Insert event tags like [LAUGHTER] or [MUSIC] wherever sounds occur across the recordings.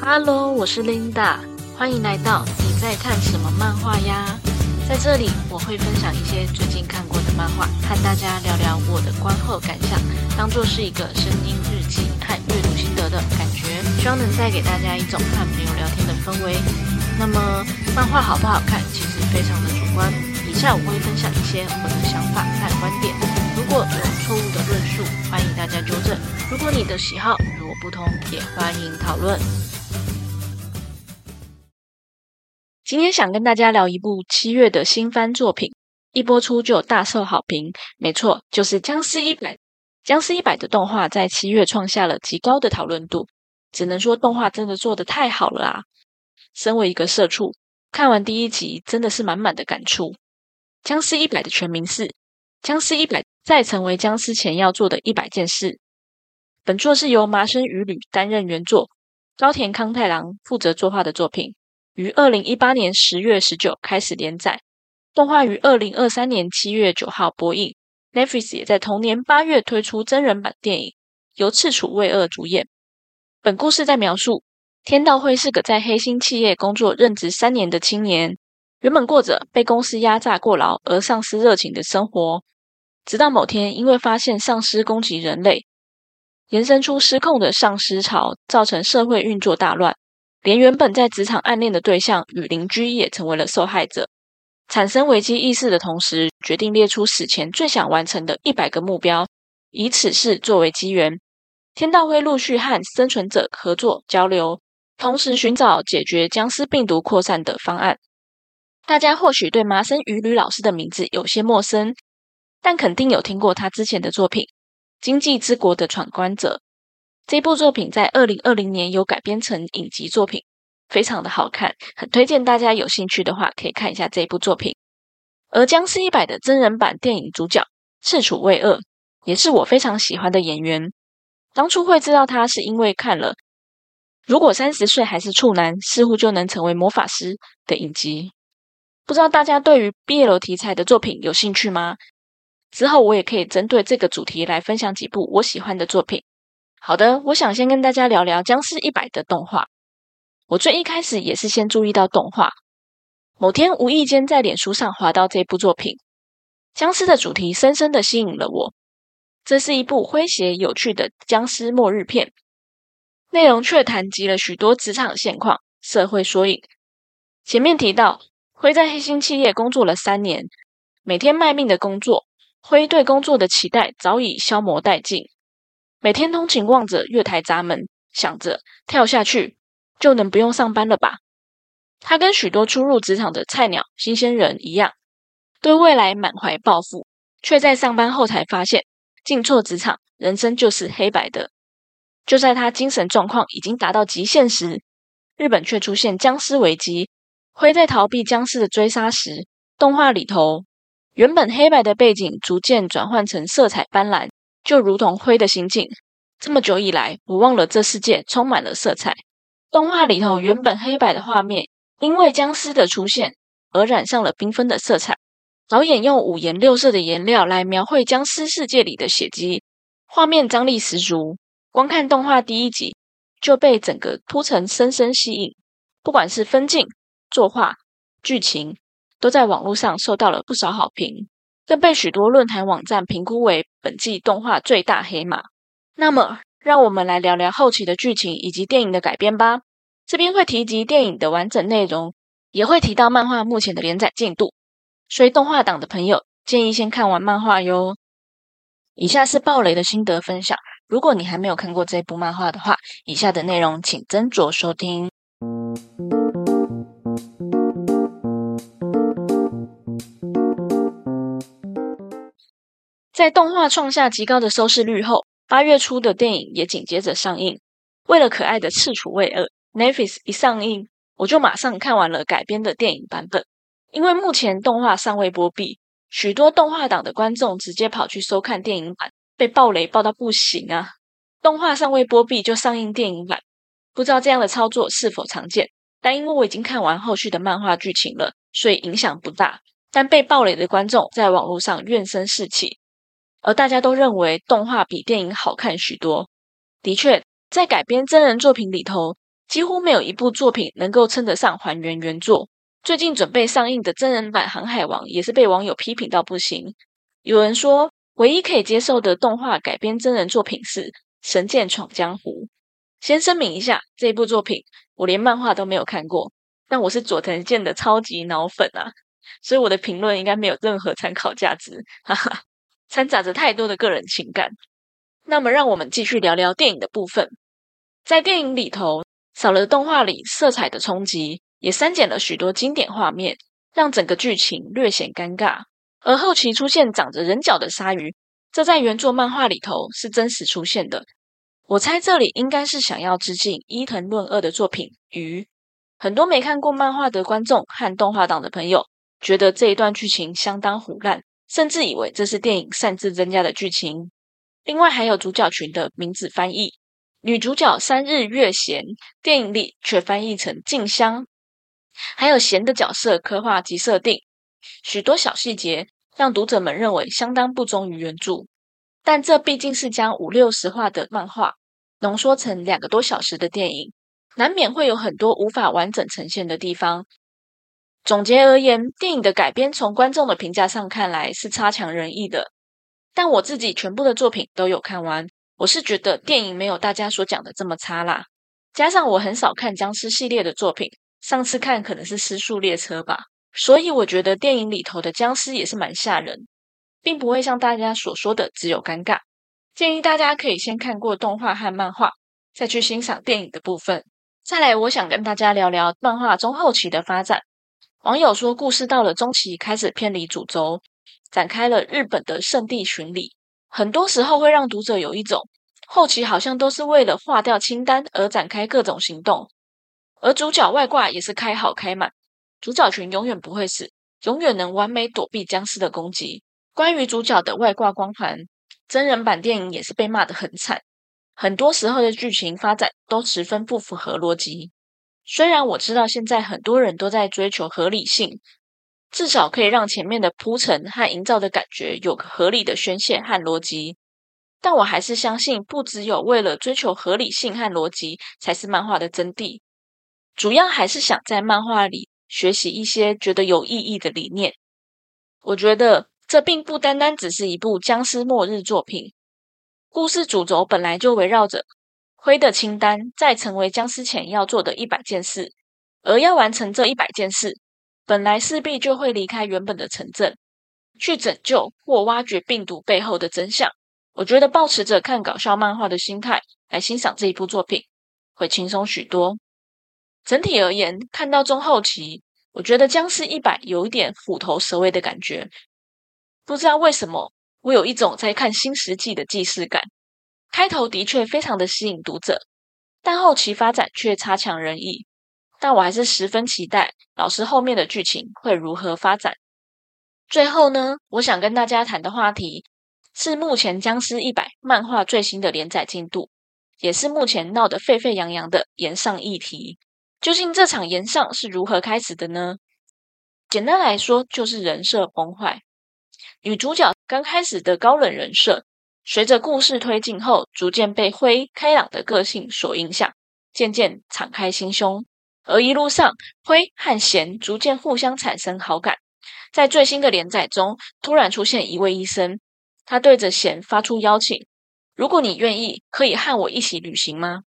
哈嘍，我是琳達。歡迎來到你在看什麼漫畫呀？在這裡我會分享一些最近看過的漫畫，和大家聊聊我的觀後感想，當做是一個聲音日記和閱讀心得的感覺，希望能帶給大家一種和朋友聊天的氛圍。那麼漫畫好不好看，其實非常的主觀。以下我會分享一些我的想法和觀點，如果有錯誤的論述，歡迎大家糾正。如果你的喜好與我不同，也歡迎討論。今天想跟大家聊一部七月的新番作品，一播出就有大受好評。沒錯，就是僵《殭屍一百》。《殭屍一百》的動畫在七月創下了極高的討論度，只能說動畫真的做得太好了啊！身為一個社畜，看完第一集真的是滿滿的感觸。僵《殭屍一百》的全名是《殭屍一百在成為殭屍前要做的一百件事》。本作是由麻生羽呂擔任原作，高田康太郎負責作畫的作品。於二零一八年十月十九開始連載，動畫於二零二三年七月九號播映。Netflix 也在同年八月推出真人版電影，由赤楚衛二主演。本故事在描述天道會是個在黑心企業工作任職三年的青年，原本過着被公司壓榨過勞而喪失熱情的生活，直到某天因為發現喪屍攻擊人類，延伸出失控的喪屍潮，造成社會運作大亂。連原本在職場暗戀的對象與鄰居也成為了受害者，產生危機意識的同時，決定列出死前最想完成的一百個目標，以此事作為機緣。天道會陸續和生存者合作交流，同時尋找解決殭屍病毒擴散的方案。大家或許對麻生羽呂老師的名字有些陌生，但肯定有聽過他之前的作品《今際之國的闖關者》。這部作品在二零二零年有改編成影集作品，非常的好看，很推薦大家有興趣的話可以看一下這部作品。而《僵屍一百》的真人版電影主角赤楚衛二也是我非常喜歡的演員。當初會知道他是因為看了《如果三十歲還是處男，似乎就能成為魔法師》的影集。不知道大家對於 BL 題材的作品有興趣嗎？之後我也可以針對這個主題來分享幾部我喜歡的作品。好的，我想先跟大家聊聊《僵屍一百》的動畫。我最一開始也是先注意到動畫，某天無意間在臉書上滑到這部作品，《僵屍》的主題深深地吸引了我。這是一部詼諧有趣的僵屍末日片，內容卻談及了許多職場現況、社會縮影。前面提到，輝在黑心企業工作了三年，每天賣命的工作，輝對工作的期待早已消磨殆盡。每天通勤望着月台閘門，想着跳下去就能不用上班了吧？他跟許多初入職場的菜鳥、新鮮人一樣，對未來滿懷抱負，卻在上班後才發現進錯職場，人生就是黑白的。就在他精神狀況已經達到極限時，日本卻出現僵屍危機。輝在逃避僵屍的追殺時，動畫裡頭原本黑白的背景逐漸轉換成色彩斑斕。就如同灰的心境，這麼久以來，我忘了這世界充滿了色彩。動畫裡頭原本黑白的畫面，因為僵屍的出現而染上了繽紛的色彩。導演用五顏六色的顏料來描繪僵屍世界裡的血跡，畫面張力十足。光看動畫第一集就被整個鋪陳深深吸引，不管是分鏡、作畫、劇情，都在網絡上受到了不少好評。更被許多論壇網站評估為本季動畫最大黑馬。那麼，讓我們來聊聊後期的劇情以及電影的改編吧。這邊會提及電影的完整內容，也會提到漫畫目前的連載進度。所以，動畫黨的朋友建議先看完漫畫喲。以下是爆雷的心得分享。如果你還沒有看過這部漫畫的話，以下的內容請斟酌收聽。在動畫創下極高的收視率後，八月初的電影也緊接着上映。為了可愛的赤楚衛二 [NOISE] n e h i s 一上映，我就馬上看完了改編的電影版本。因為目前動畫尚未播畢，許多動畫黨的觀眾直接跑去收看電影版，被暴雷爆到不行啊！動畫尚未播畢就上映電影版，不知道這樣的操作是否常見。但因為我已經看完後續的漫畫劇情了，所以影響不大。但被暴雷的觀眾在網絡上怨聲四起。而大家都認為動畫比電影好看許多。的確，在改編真人作品裡頭，幾乎沒有一部作品能夠稱得上還原原作。最近準備上映的真人版《航海王》也是被網友批評到不行。有人說，唯一可以接受的動畫改編真人作品是《神劍闖江湖》。先聲明一下，這部作品我連漫畫都沒有看過，但我是佐藤健的超級腦粉啊，所以我的評論應該沒有任何參考價值。哈哈。摻雜着太多的個人情感。那麼，讓我們繼續聊聊電影的部分。在電影裡頭，少了動畫裡色彩的衝擊，也刪減了許多經典畫面，讓整個劇情略顯尷尬。而後期出現長着人腳的鯊魚，這在原作漫畫裡頭是真實出現的。我猜這裡應該是想要致敬伊藤潤二的作品《魚》。很多沒看過漫畫的觀眾和動畫黨的朋友，覺得這一段劇情相當虎爛。甚至以為這是電影擅自增加的劇情。另外，還有主角群的名字翻譯，女主角三日月弦，電影裡卻翻譯成靜香。還有弦的角色刻畫及設定，許多小細節讓讀者們認為相當不忠於原著。但這畢竟是將五六十話的漫畫濃縮成兩個多小時的電影，難免會有很多無法完整呈現的地方。總結而言，電影的改編從觀眾的評價上看來是差強人意的。但我自己全部的作品都有看完，我是覺得電影沒有大家所講的這麼差啦。加上我很少看殭屍系列的作品，上次看可能是《屍速列車》吧，所以我覺得電影裡頭的殭屍也是蠻嚇人，並不會像大家所說的只有尷尬。建議大家可以先看過動畫和漫畫，再去欣賞電影的部分。再來，我想跟大家聊聊漫畫中後期的發展。網友說，故事到了中期開始偏離主軸，展開了日本的聖地巡禮。很多時候會讓讀者有一種後期好像都是為了劃掉清單而展開各種行動，而主角外掛也是開好開滿，主角群永遠不會死，永遠能完美躲避僵屍的攻擊。關於主角的外掛光環，真人版電影也是被罵得很慘。很多時候的劇情發展都十分不符合邏輯。雖然我知道現在很多人都在追求合理性，至少可以讓前面的鋪陳和營造的感覺有個合理的宣洩和邏輯，但我還是相信，不只有為了追求合理性和邏輯才是漫畫的真諦，主要還是想在漫畫裡學習一些覺得有意義的理念。我覺得這並不單單只是一部殭屍末日作品，故事主軸本來就圍繞着。灰的清單在成為殭屍前要做的一百件事，而要完成這一百件事，本來勢必就會離開原本的城鎮，去拯救或挖掘病毒背後的真相。我覺得，抱持着看搞笑漫畫的心態來欣賞這一部作品，會輕鬆許多。整體而言，看到中後期，我覺得殭屍一百有一點虎頭蛇尾的感覺。不知道為什麼，我有一種在看新世紀的既視感。開頭的確非常的吸引讀者，但後期發展卻差強人意。但我還是十分期待老師後面的劇情會如何發展。最後呢，我想跟大家談的話題是目前《殭屍一百》漫畫最新的連載進度，也是目前鬧得沸沸揚揚的炎上議題。究竟這場炎上是如何開始的呢？簡單來說，就是人設崩壞。女主角剛開始的高冷人設。隨着故事推進後，逐漸被輝開朗的個性所影響，漸漸敞開心胸。而一路上，輝和閑逐漸互相產生好感。在最新的連載中，突然出現一位醫生，他對着閑發出邀請：“如果你願意，可以和我一起旅行嗎？”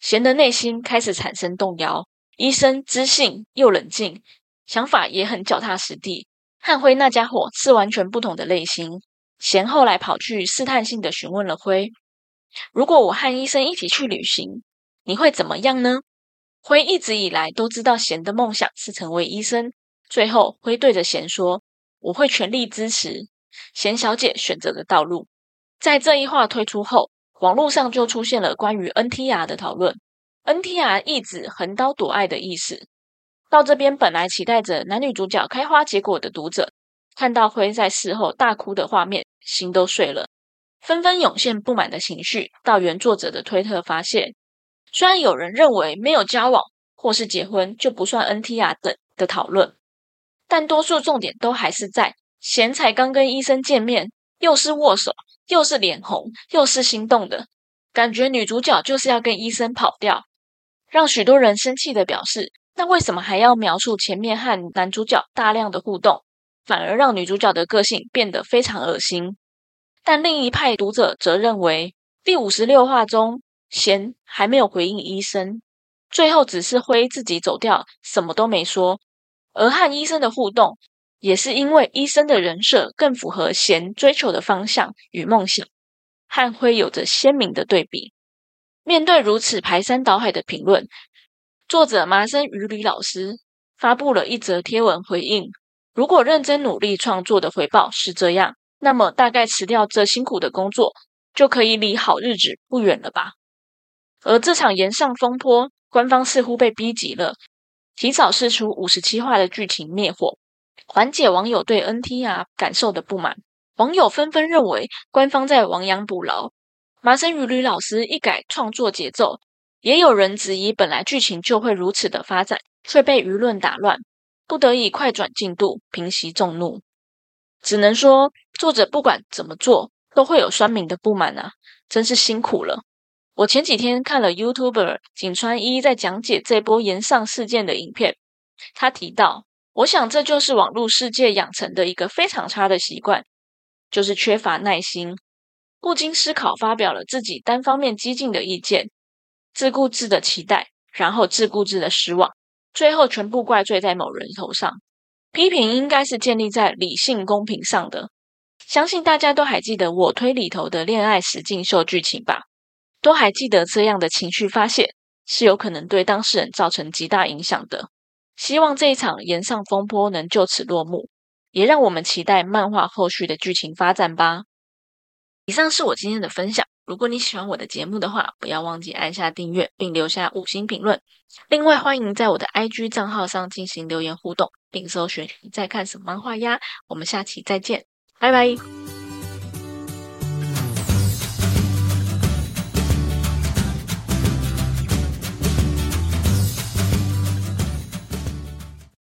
閑的內心開始產生動搖。醫生知性又冷靜，想法也很腳踏實地，和輝那傢伙是完全不同的類型。賢後來跑去試探性的詢問了輝：“如果我和醫生一起去旅行，你會怎麼樣呢？”輝一直以來都知道賢的夢想是成為醫生，最後輝對着賢說：“我會全力支持賢小姐選擇的道路。”在這一話推出後，網絡上就出現了關於 NTR 的討論。NTR 意指橫刀奪愛的意思。到這邊本來期待着男女主角開花結果的讀者，看到輝在事後大哭的畫面。心都碎了，紛紛湧現不滿的情緒，到原作者的推特發洩，雖然有人認為沒有交往或是結婚就不算 NTR 等的討論，但多數重點都還是在賢才剛跟醫生見面，又是握手又是臉紅又是心動的感覺。女主角就是要跟醫生跑掉，讓許多人生氣的表示：那為什麼還要描述前面和男主角大量的互動？反而讓女主角的個性變得非常噁心，但另一派讀者則認為，第五十六話中賢還沒有回應醫生，最後只是輝自己走掉，什麼都沒說。而和醫生的互動，也是因為醫生的人設更符合賢追求的方向與夢想，和輝有着鮮明的對比。面對如此排山倒海的評論，作者麻生羽呂老師發布了一則貼文回應。如果認真努力創作的回報是這樣，那麼大概辭掉這辛苦的工作，就可以離好日子不遠了吧？而這場炎上風波，官方似乎被逼急了，提早釋出五十七話的劇情滅火，緩解網友對 NTR 感受的不滿。網友紛紛認為官方在亡羊補牢，麻生羽呂老師一改創作節奏，也有人質疑本來劇情就會如此的發展，卻被輿論打亂。不得已快轉進度平息眾怒，只能說作者不管怎麼做都會有酸民的不滿啊，真是辛苦了。我前幾天看了 YouTuber 井川一一在講解這波炎上事件的影片，他提到，我想這就是網絡世界養成的一個非常差的習慣，就是缺乏耐心，不經思考發表了自己單方面激進的意見，自顧自的期待，然後自顧自的失望。最後全部怪罪在某人頭上，批評應該是建立在理性公平上的。相信大家都還記得我推裡頭的戀愛實境秀劇情吧？都還記得這樣的情緒發洩是有可能對當事人造成極大影響的。希望這一場炎上風波能就此落幕，也讓我們期待漫畫後續的劇情發展吧。以上是我今天的分享。如果你喜歡我的節目的話，不要忘記按下訂閱，並留下五星評論。另外，歡迎在我的 IG 賬號上進行留言互動，並搜尋你在看什麼漫畫呀。我們下期再見，拜拜。